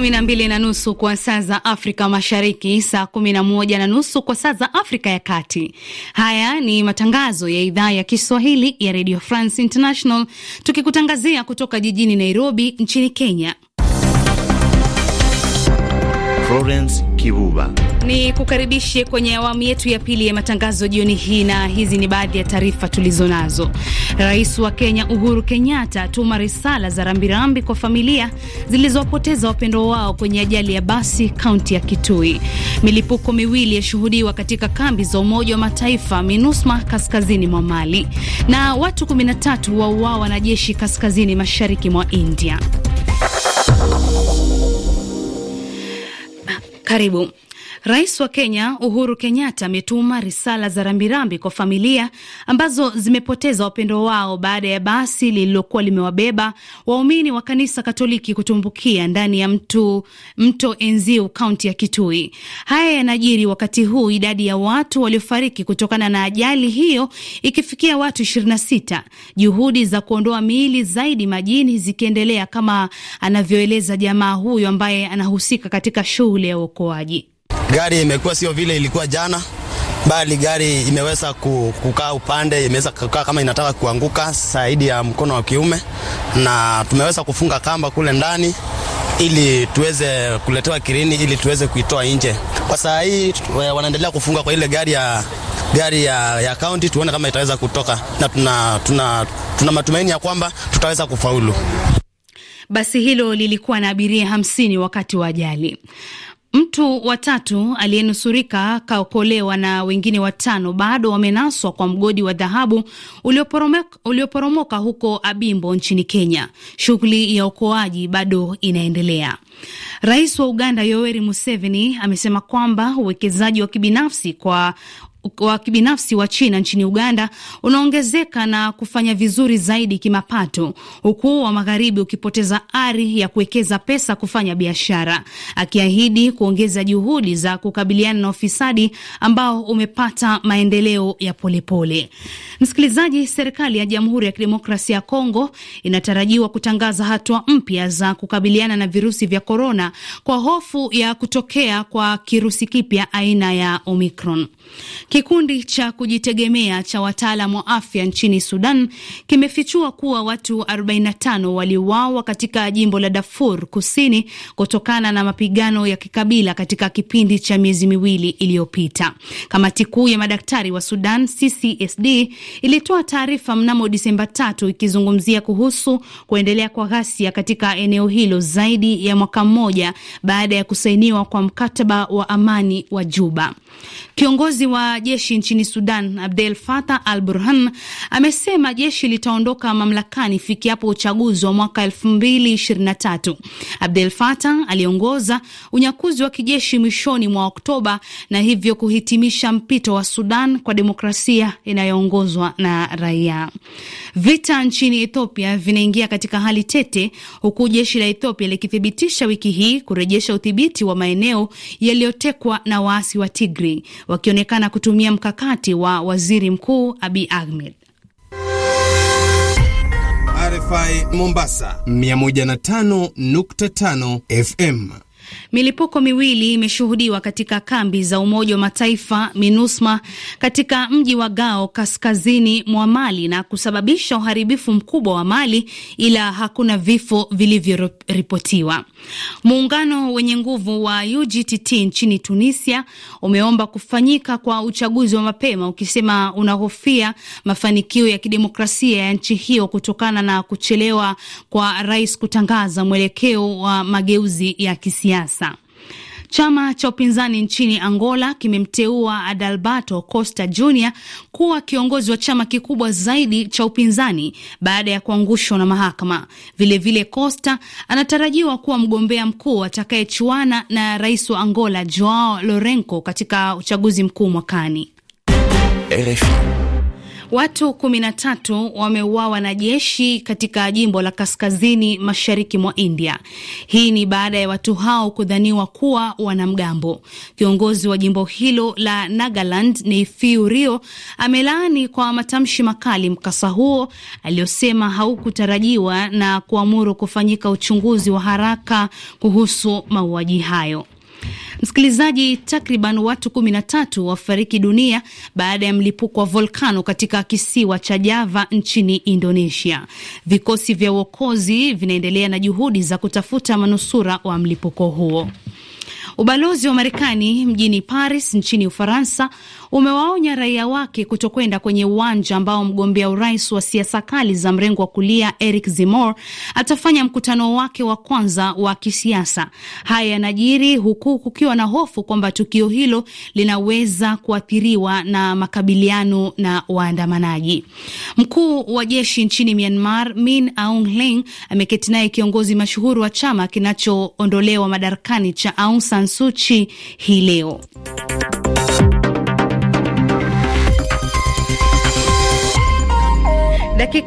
kumi na mbili na nusu kwa saa za Afrika Mashariki, saa kumi na moja na nusu kwa saa za Afrika ya Kati. Haya ni matangazo ya idhaa ya Kiswahili ya Radio France International, tukikutangazia kutoka jijini Nairobi nchini Kenya. Florence Kibuba. Ni kukaribishe kwenye awamu yetu ya pili ya matangazo jioni hii, na hizi ni baadhi ya taarifa tulizo nazo Rais wa Kenya Uhuru Kenyatta atuma risala za rambirambi kwa familia zilizowapoteza wapendo wao kwenye ajali ya basi kaunti ya Kitui. Milipuko miwili yashuhudiwa katika kambi za Umoja wa Mataifa MINUSMA kaskazini mwa Mali, na watu 13 wauawa na jeshi kaskazini mashariki mwa India. karibu Rais wa Kenya Uhuru Kenyatta ametuma risala za rambirambi kwa familia ambazo zimepoteza wapendo wao baada ya basi lililokuwa limewabeba waumini wa kanisa Katoliki kutumbukia ndani ya mtu, mto Enziu, kaunti ya Kitui. Haya yanajiri wakati huu idadi ya watu waliofariki kutokana na ajali hiyo ikifikia watu 26, juhudi za kuondoa miili zaidi majini zikiendelea, kama anavyoeleza jamaa huyo ambaye anahusika katika shughuli ya uokoaji. Gari imekuwa sio vile ilikuwa jana, bali gari imeweza kukaa upande, imeweza kukaa kama inataka kuanguka zaidi ya mkono wa kiume, na tumeweza kufunga kamba kule ndani ili tuweze kuletewa kirini ili tuweze kuitoa nje. Kwa saa hii wanaendelea kufunga kwa ile gari ya gari ya, ya kaunti tuone kama itaweza kutoka na tuna, tuna, tuna matumaini ya kwamba tutaweza kufaulu. Basi hilo lilikuwa na abiria hamsini wakati wa ajali. Mtu watatu aliyenusurika kaokolewa na wengine watano bado wamenaswa kwa mgodi wa dhahabu ulioporomoka huko Abimbo nchini Kenya. Shughuli ya uokoaji bado inaendelea. Rais wa Uganda Yoweri Museveni amesema kwamba uwekezaji wa kibinafsi kwa wa kibinafsi wa China nchini Uganda unaongezeka na kufanya vizuri zaidi kimapato, huku wa magharibi ukipoteza ari ya kuwekeza pesa kufanya biashara, akiahidi kuongeza juhudi za kukabiliana na ufisadi ambao umepata maendeleo ya polepole. Msikilizaji, serikali ya Jamhuri ya Kidemokrasia ya Kongo inatarajiwa kutangaza hatua mpya za kukabiliana na virusi vya korona kwa hofu ya kutokea kwa kirusi kipya aina ya Omicron. Kikundi cha kujitegemea cha wataalam wa afya nchini Sudan kimefichua kuwa watu 45 waliuawa katika jimbo la Darfur Kusini kutokana na mapigano ya kikabila katika kipindi cha miezi miwili iliyopita. Kamati kuu ya madaktari wa Sudan CCSD ilitoa taarifa mnamo Disemba tatu ikizungumzia kuhusu kuendelea kwa ghasia katika eneo hilo zaidi ya mwaka mmoja baada ya kusainiwa kwa mkataba wa amani wa Juba. Kiongozi wa jeshi nchini Sudan Abdel Fattah al Burhan amesema jeshi litaondoka mamlakani ifikiapo uchaguzi wa mwaka 2023. Abdel Fattah aliongoza unyakuzi wa kijeshi mwishoni mwa Oktoba na hivyo kuhitimisha mpito wa Sudan kwa demokrasia inayoongozwa na raia. Vita nchini Ethiopia vinaingia katika hali tete, huku jeshi la Ethiopia likithibitisha wiki hii kurejesha udhibiti wa maeneo yaliyotekwa na waasi wa Tigray wakionekana kutu kutumia mkakati wa waziri mkuu abi Ahmed. RFI Mombasa 105.5 FM. Milipuko miwili imeshuhudiwa katika kambi za Umoja wa Mataifa MINUSMA katika mji wa Gao kaskazini mwa Mali na kusababisha uharibifu mkubwa wa mali, ila hakuna vifo vilivyoripotiwa. Muungano wenye nguvu wa UGTT nchini Tunisia umeomba kufanyika kwa uchaguzi wa mapema ukisema unahofia mafanikio ya kidemokrasia ya nchi hiyo kutokana na kuchelewa kwa rais kutangaza mwelekeo wa mageuzi ya kisiasa kisiasa. Chama cha upinzani nchini Angola kimemteua Adalberto Costa Jr kuwa kiongozi wa chama kikubwa zaidi cha upinzani baada ya kuangushwa na mahakama. Vilevile vile Costa anatarajiwa kuwa mgombea mkuu atakayechuana na rais wa Angola Joao Lourenco katika uchaguzi mkuu mwakani. RFI. Watu kumi na tatu wameuawa na jeshi katika jimbo la kaskazini mashariki mwa India. Hii ni baada ya watu hao kudhaniwa kuwa wanamgambo. Kiongozi wa jimbo hilo la Nagaland ni Fiu Rio amelaani kwa matamshi makali mkasa huo aliyosema haukutarajiwa na kuamuru kufanyika uchunguzi wa haraka kuhusu mauaji hayo. Msikilizaji, takriban watu kumi na tatu wafariki dunia baada ya mlipuko wa volkano katika kisiwa cha Java nchini Indonesia. Vikosi vya uokozi vinaendelea na juhudi za kutafuta manusura wa mlipuko huo. Ubalozi wa Marekani mjini Paris nchini Ufaransa umewaonya raia wake kutokwenda kwenye uwanja ambao mgombea urais wa siasa kali za mrengo wa kulia Eric Zemmour atafanya mkutano wake wa kwanza wa kisiasa. Haya yanajiri huku kukiwa na hofu kwamba tukio hilo linaweza kuathiriwa na makabiliano na waandamanaji. Mkuu wa jeshi nchini Myanmar Min Aung Hlaing ameketi naye kiongozi mashuhuri wa chama kinachoondolewa madarakani cha Aung San Suu Kyi hii leo. Nekik